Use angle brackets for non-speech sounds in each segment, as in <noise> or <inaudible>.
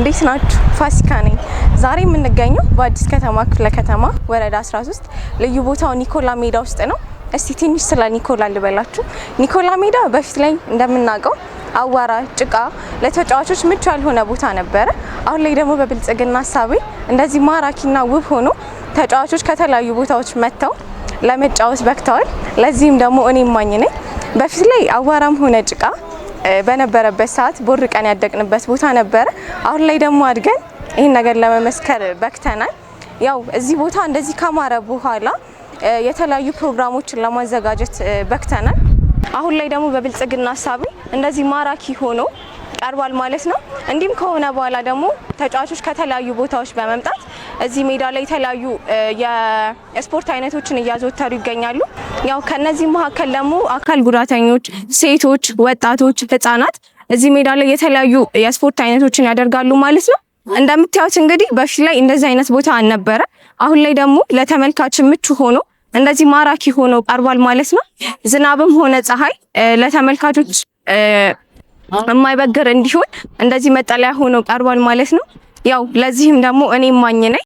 እንዴት ናችሁ? ፋሲካ ነኝ። ዛሬ የምንገኘው በአዲስ ከተማ ክፍለ ከተማ ወረዳ 13 ልዩ ቦታው ኒኮላ ሜዳ ውስጥ ነው። እስቲ ትንሽ ስለ ኒኮላ ልበላችሁ። ኒኮላ ሜዳ በፊት ላይ እንደምናውቀው አዋራ፣ ጭቃ፣ ለተጫዋቾች ምቹ ያልሆነ ቦታ ነበረ። አሁን ላይ ደግሞ በብልጽግና ሀሳቤ እንደዚህ ማራኪና ውብ ሆኖ ተጫዋቾች ከተለያዩ ቦታዎች መጥተው ለመጫወት በክተዋል። ለዚህም ደግሞ እኔ ማኝ ነኝ። በፊት ላይ አዋራም ሆነ ጭቃ በነበረበት ሰዓት ቦርቀን ያደግንበት ቦታ ነበረ። አሁን ላይ ደግሞ አድገን ይህን ነገር ለመመስከር በክተናል። ያው እዚህ ቦታ እንደዚህ ከማረ በኋላ የተለያዩ ፕሮግራሞችን ለማዘጋጀት በክተናል። አሁን ላይ ደግሞ በብልጽግና ሀሳብ እንደዚህ ማራኪ ሆኖ ቀርቧል ማለት ነው። እንዲሁም ከሆነ በኋላ ደግሞ ተጫዋቾች ከተለያዩ ቦታዎች በመምጣት እዚህ ሜዳ ላይ የተለያዩ የስፖርት አይነቶችን እያዘወተሩ ይገኛሉ። ያው ከነዚህ መካከል ደግሞ አካል ጉዳተኞች፣ ሴቶች፣ ወጣቶች፣ ህጻናት እዚህ ሜዳ ላይ የተለያዩ የስፖርት አይነቶችን ያደርጋሉ ማለት ነው። እንደምታዩት እንግዲህ በፊት ላይ እንደዚህ አይነት ቦታ አልነበረ። አሁን ላይ ደግሞ ለተመልካች ምቹ ሆኖ እንደዚህ ማራኪ ሆኖ ቀርቧል ማለት ነው። ዝናብም ሆነ ፀሐይ ለተመልካቾች የማይበገር እንዲሆን እንደዚህ መጠለያ ሆኖ ቀርቧል ማለት ነው። ያው ለዚህም ደግሞ እኔ ማኝ ነኝ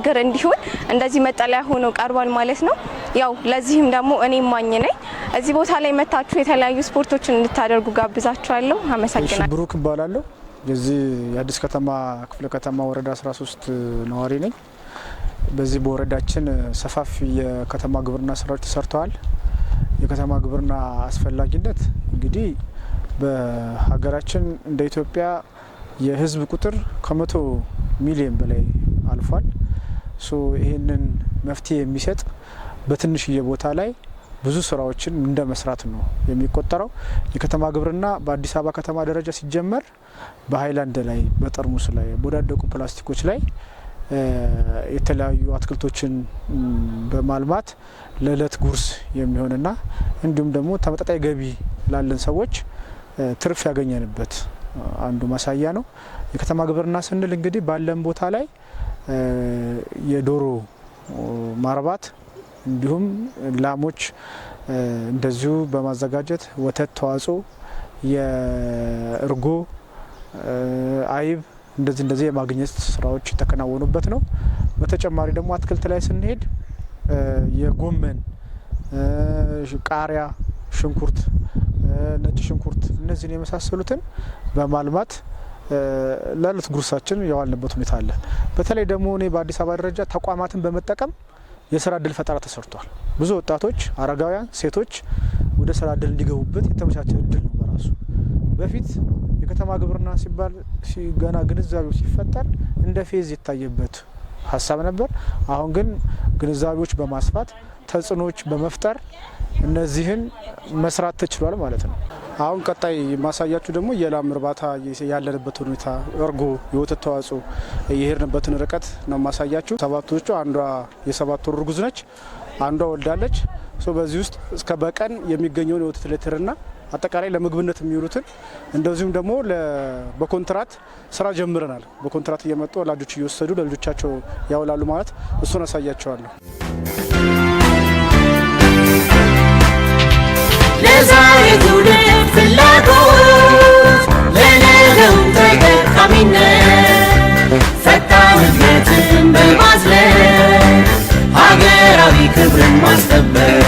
ባሻገር እንዲሆን እንደዚህ መጠለያ ሆኖ ቀርቧል ማለት ነው። ያው ለዚህም ደግሞ እኔ ማኝ ነኝ። እዚህ ቦታ ላይ መታችሁ የተለያዩ ስፖርቶችን እንድታደርጉ ጋብዛችኋለሁ። አመሰግናለሁ። ብሩክ እባላለሁ። የዚህ የአዲስ ከተማ ክፍለ ከተማ ወረዳ 13 ነዋሪ ነኝ። በዚህ በወረዳችን ሰፋፊ የከተማ ግብርና ስራዎች ተሰርተዋል። የከተማ ግብርና አስፈላጊነት እንግዲህ በሀገራችን እንደ ኢትዮጵያ የህዝብ ቁጥር ከመቶ ሚሊዮን በላይ አልፏል። ይህንን መፍትሄ የሚሰጥ በትንሽዬ ቦታ ላይ ብዙ ስራዎችን እንደ መስራት ነው የሚቆጠረው። የከተማ ግብርና በአዲስ አበባ ከተማ ደረጃ ሲጀመር በሀይላንድ ላይ፣ በጠርሙስ ላይ፣ በወዳደቁ ፕላስቲኮች ላይ የተለያዩ አትክልቶችን በማልማት ለእለት ጉርስ የሚሆንና እንዲሁም ደግሞ ተመጣጣይ ገቢ ላለን ሰዎች ትርፍ ያገኘንበት አንዱ ማሳያ ነው። የከተማ ግብርና ስንል እንግዲህ ባለን ቦታ ላይ የዶሮ ማርባት እንዲሁም ላሞች እንደዚሁ በማዘጋጀት ወተት ተዋጽኦ፣ የእርጎ አይብ እንደዚህ እንደዚህ የማግኘት ስራዎች የተከናወኑበት ነው። በተጨማሪ ደግሞ አትክልት ላይ ስንሄድ የጎመን ቃሪያ፣ ሽንኩርት፣ ነጭ ሽንኩርት እነዚህን የመሳሰሉትን በማልማት ለዕለት ጉርሳችን የዋልንበት ሁኔታ አለ። በተለይ ደግሞ እኔ በአዲስ አበባ ደረጃ ተቋማትን በመጠቀም የስራ እድል ፈጠራ ተሰርቷል። ብዙ ወጣቶች፣ አረጋውያን፣ ሴቶች ወደ ስራ እድል እንዲገቡበት የተመቻቸ እድል ነው በራሱ በፊት የከተማ ግብርና ሲባል ገና ግንዛቤው ሲፈጠር እንደ ፌዝ የታየበት ሀሳብ ነበር። አሁን ግን ግንዛቤዎች በማስፋት ተጽዕኖዎች በመፍጠር እነዚህን መስራት ተችሏል ማለት ነው። አሁን ቀጣይ ማሳያችሁ ደግሞ የላም እርባታ ያለንበት ሁኔታ፣ እርጎ፣ የወተት ተዋጽኦ የሄድንበትን ርቀት ነው ማሳያችሁ። ሰባቶቹ አንዷ የሰባት ወር እርጉዝ ነች፣ አንዷ ወልዳለች። በዚህ ውስጥ እስከ በቀን የሚገኘውን የወተት ሌትርና አጠቃላይ ለምግብነት የሚውሉትን እንደዚሁም ደግሞ በኮንትራት ስራ ጀምረናል። በኮንትራት እየመጡ ወላጆች እየወሰዱ ለልጆቻቸው ያውላሉ ማለት እሱን አሳያቸዋለሁ። ለዛሬ ትውልድ ፍላጎት ለነገው ተጠቃሚነት ፈጣን እድገትን በማዝለት ሀገራዊ ክብርን ማስጠበቅ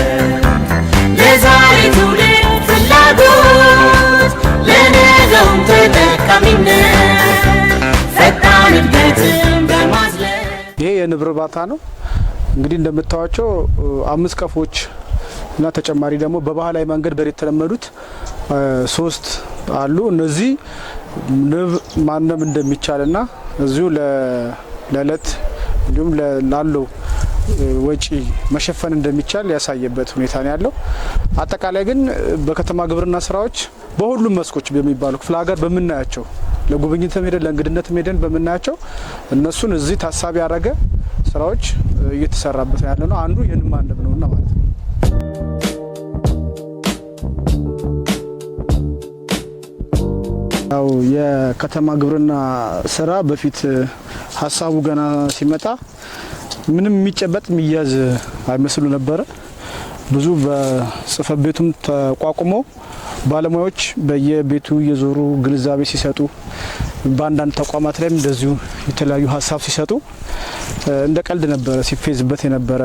ይሄ የንብ እርባታ ነው። እንግዲህ እንደምታዋቸው አምስት ቀፎች እና ተጨማሪ ደግሞ በባህላዊ መንገድ በሬ የተለመዱት ሶስት አሉ። እነዚህ ንብ ማነብ እንደሚቻልና እዚሁ ለእለት እንዲሁም ላለው ወጪ መሸፈን እንደሚቻል ያሳየበት ሁኔታ ነው ያለው። አጠቃላይ ግን በከተማ ግብርና ስራዎች በሁሉም መስኮች በሚባሉ ክፍለ ሀገር በምናያቸው ለጉብኝትም ሄደን ለእንግድነትም ሄደን በምናያቸው እነሱን እዚህ ታሳቢ ያደረገ ስራዎች እየተሰራበት ያለ ነው። አንዱ ይህን ማንደብ ነውና ማለት ነው። ያው የከተማ ግብርና ስራ በፊት ሀሳቡ ገና ሲመጣ ምንም የሚጨበጥ የሚያዝ አይመስሉ ነበረ። ብዙ በጽህፈት ቤቱም ተቋቁሞ ባለሙያዎች በየቤቱ እየዞሩ ግንዛቤ ሲሰጡ፣ በአንዳንድ ተቋማት ላይም እንደዚሁ የተለያዩ ሀሳብ ሲሰጡ እንደ ቀልድ ነበረ ሲፌዝበት የነበረ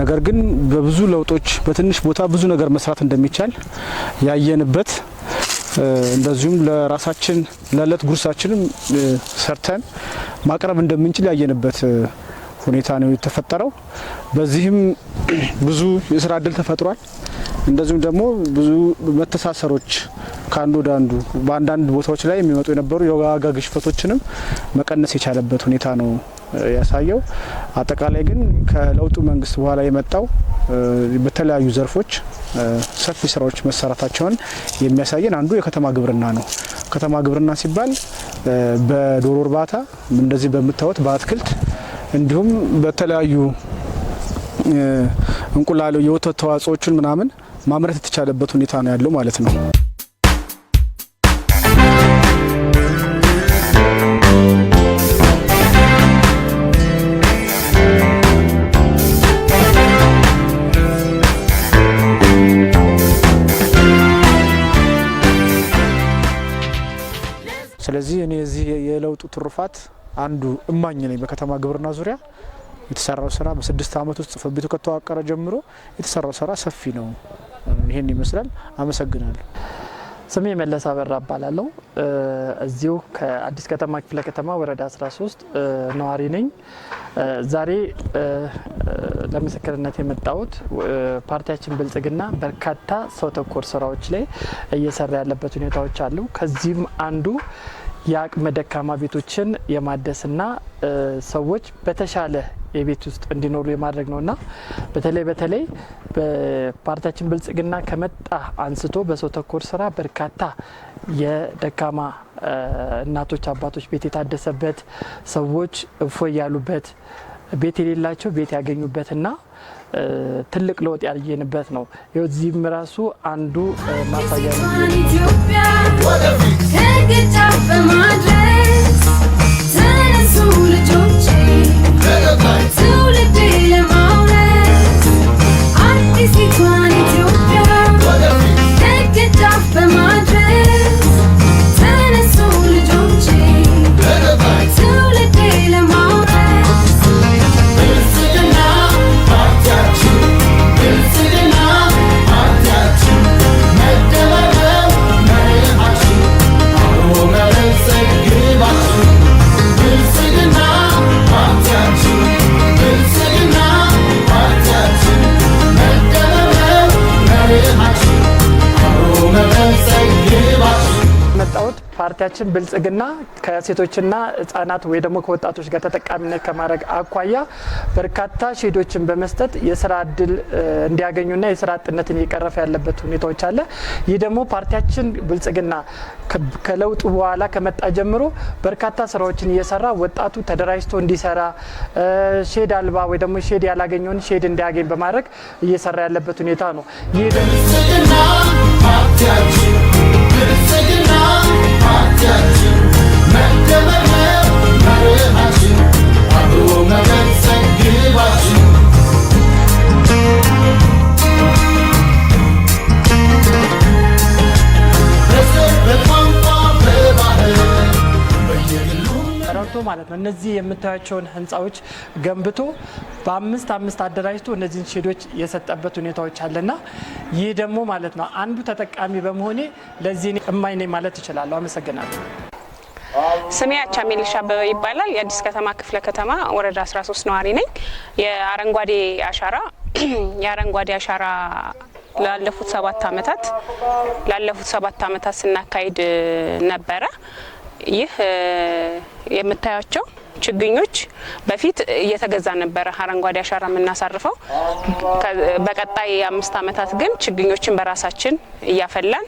ነገር ግን በብዙ ለውጦች በትንሽ ቦታ ብዙ ነገር መስራት እንደሚቻል ያየንበት እንደዚሁም ለራሳችን ለእለት ጉርሳችንም ሰርተን ማቅረብ እንደምንችል ያየንበት ሁኔታ ነው የተፈጠረው። በዚህም ብዙ የስራ እድል ተፈጥሯል። እንደዚሁም ደግሞ ብዙ መተሳሰሮች ከአንዱ ወደ አንዱ በአንዳንድ ቦታዎች ላይ የሚመጡ የነበሩ የዋጋ ግሽፈቶችንም መቀነስ የቻለበት ሁኔታ ነው ያሳየው። አጠቃላይ ግን ከለውጡ መንግስት በኋላ የመጣው በተለያዩ ዘርፎች ሰፊ ስራዎች መሰራታቸውን የሚያሳየን አንዱ የከተማ ግብርና ነው። ከተማ ግብርና ሲባል በዶሮ እርባታ እንደዚህ በምታዩት በአትክልት እንዲሁም በተለያዩ እንቁላሉ የወተት ተዋጽኦችን ምናምን ማምረት የተቻለበት ሁኔታ ነው ያለው ማለት ነው። ስለዚህ እኔ የዚህ የለውጡ ትሩፋት አንዱ እማኝ ነኝ። በከተማ ግብርና ዙሪያ የተሰራው ስራ በስድስት ዓመት ውስጥ ጽሕፈት ቤቱ ከተዋቀረ ጀምሮ የተሰራው ስራ ሰፊ ነው። ይህን ይመስላል። አመሰግናለሁ። ስሜ መለስ አበራ እባላለሁ። እዚሁ ከአዲስ ከተማ ክፍለ ከተማ ወረዳ 13 ነዋሪ ነኝ። ዛሬ ለምስክርነት የመጣሁት ፓርቲያችን ብልጽግና በርካታ ሰው ተኮር ስራዎች ላይ እየሰራ ያለበት ሁኔታዎች አሉ። ከዚህም አንዱ የአቅመ ደካማ ቤቶችን የማደስና ሰዎች በተሻለ የቤት ውስጥ እንዲኖሩ የማድረግ ነውና በተለይ በተለይ በፓርቲያችን ብልጽግና ከመጣ አንስቶ በሰው ተኮር ስራ በርካታ የደካማ እናቶች፣ አባቶች ቤት የታደሰበት ሰዎች እፎ ያሉበት ቤት የሌላቸው ቤት ያገኙበትና ትልቅ ለውጥ ያየንበት ነው። ዚህም ራሱ አንዱ ማሳያ ነው። ከግጫፍ በማድረስ ተነሱ ልጆቼ ፓርቲያችን ብልጽግና ከሴቶችና ህጻናት ወይ ደግሞ ከወጣቶች ጋር ተጠቃሚነት ከማድረግ አኳያ በርካታ ሼዶችን በመስጠት የስራ እድል እንዲያገኙና የስራ አጥነትን እየቀረፈ ያለበት ሁኔታዎች አለ። ይህ ደግሞ ፓርቲያችን ብልጽግና ከለውጡ በኋላ ከመጣ ጀምሮ በርካታ ስራዎችን እየሰራ ወጣቱ ተደራጅቶ እንዲሰራ ሼድ አልባ ወይ ደግሞ ሼድ ያላገኘውን ሼድ እንዲያገኝ በማድረግ እየሰራ ያለበት ሁኔታ ነው። ይህ ደግሞ got you. እነዚህ የምታያቸውን ህንፃዎች ገንብቶ በአምስት አምስት አደራጅቶ እነዚህን ሼዶች የሰጠበት ሁኔታዎች አለና ይህ ደግሞ ማለት ነው አንዱ ተጠቃሚ በመሆኔ ለዚህ እማኝ ነኝ ማለት እችላለሁ። አመሰግናለሁ። ስሜ አቻሜልሽ አበበ ይባላል። የአዲስ ከተማ ክፍለ ከተማ ወረዳ 13 ነዋሪ ነኝ። የአረንጓዴ አሻራ <clears throat> የአረንጓዴ አሻራ ላለፉት ሰባት አመታት ላለፉት ሰባት አመታት ስናካሄድ ነበረ። ይህ የምታያቸው ችግኞች በፊት እየተገዛ ነበረ አረንጓዴ አሻራ የምናሳርፈው። በቀጣይ የአምስት አመታት ግን ችግኞችን በራሳችን እያፈላን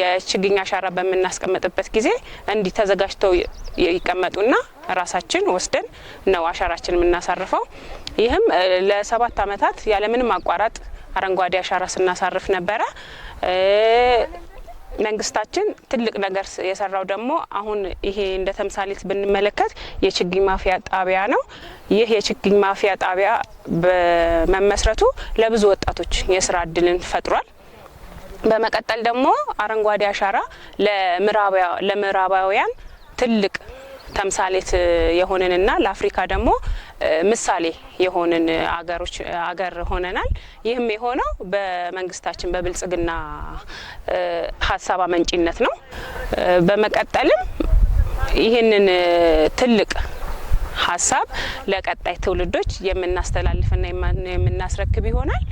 የችግኝ አሻራ በምናስቀምጥበት ጊዜ እንዲህ ተዘጋጅተው ይቀመጡና ራሳችን ወስደን ነው አሻራችን የምናሳርፈው። ይህም ለሰባት አመታት ያለምንም አቋራጥ አረንጓዴ አሻራ ስናሳርፍ ነበረ። መንግስታችን ትልቅ ነገር የሰራው ደግሞ አሁን ይሄ እንደ ተምሳሌት ብንመለከት የችግኝ ማፍያ ጣቢያ ነው። ይህ የችግኝ ማፍያ ጣቢያ በመመስረቱ ለብዙ ወጣቶች የስራ እድልን ፈጥሯል። በመቀጠል ደግሞ አረንጓዴ አሻራ ለምዕራባውያን ትልቅ ተምሳሌት የሆንንና ለአፍሪካ ደግሞ ምሳሌ የሆንን አገሮች አገር ሆነናል። ይህም የሆነው በመንግስታችን በብልጽግና ሀሳብ አመንጪነት ነው። በመቀጠልም ይህንን ትልቅ ሀሳብ ለቀጣይ ትውልዶች የምናስተላልፍና የምናስረክብ ይሆናል።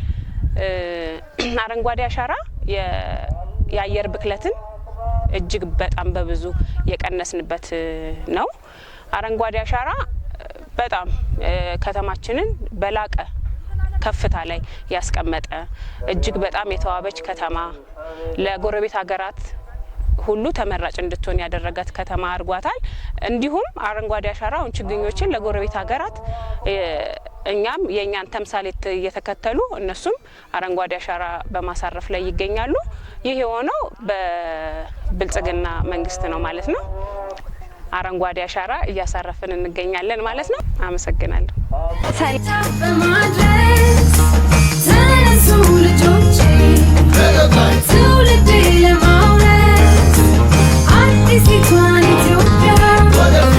አረንጓዴ አሻራ የአየር ብክለትን እጅግ በጣም በብዙ የቀነስንበት ነው። አረንጓዴ አሻራ በጣም ከተማችንን በላቀ ከፍታ ላይ ያስቀመጠ እጅግ በጣም የተዋበች ከተማ ለጎረቤት ሀገራት ሁሉ ተመራጭ እንድትሆን ያደረጋት ከተማ አድርጓታል። እንዲሁም አረንጓዴ አሻራ ችግኞችን ለጎረቤት ሀገራት እኛም የእኛን ተምሳሌት እየተከተሉ እነሱም አረንጓዴ አሻራ በማሳረፍ ላይ ይገኛሉ። ይህ የሆነው በብልጽግና መንግስት ነው ማለት ነው። አረንጓዴ አሻራ እያሳረፍን እንገኛለን ማለት ነው። አመሰግናለሁ። Quando eu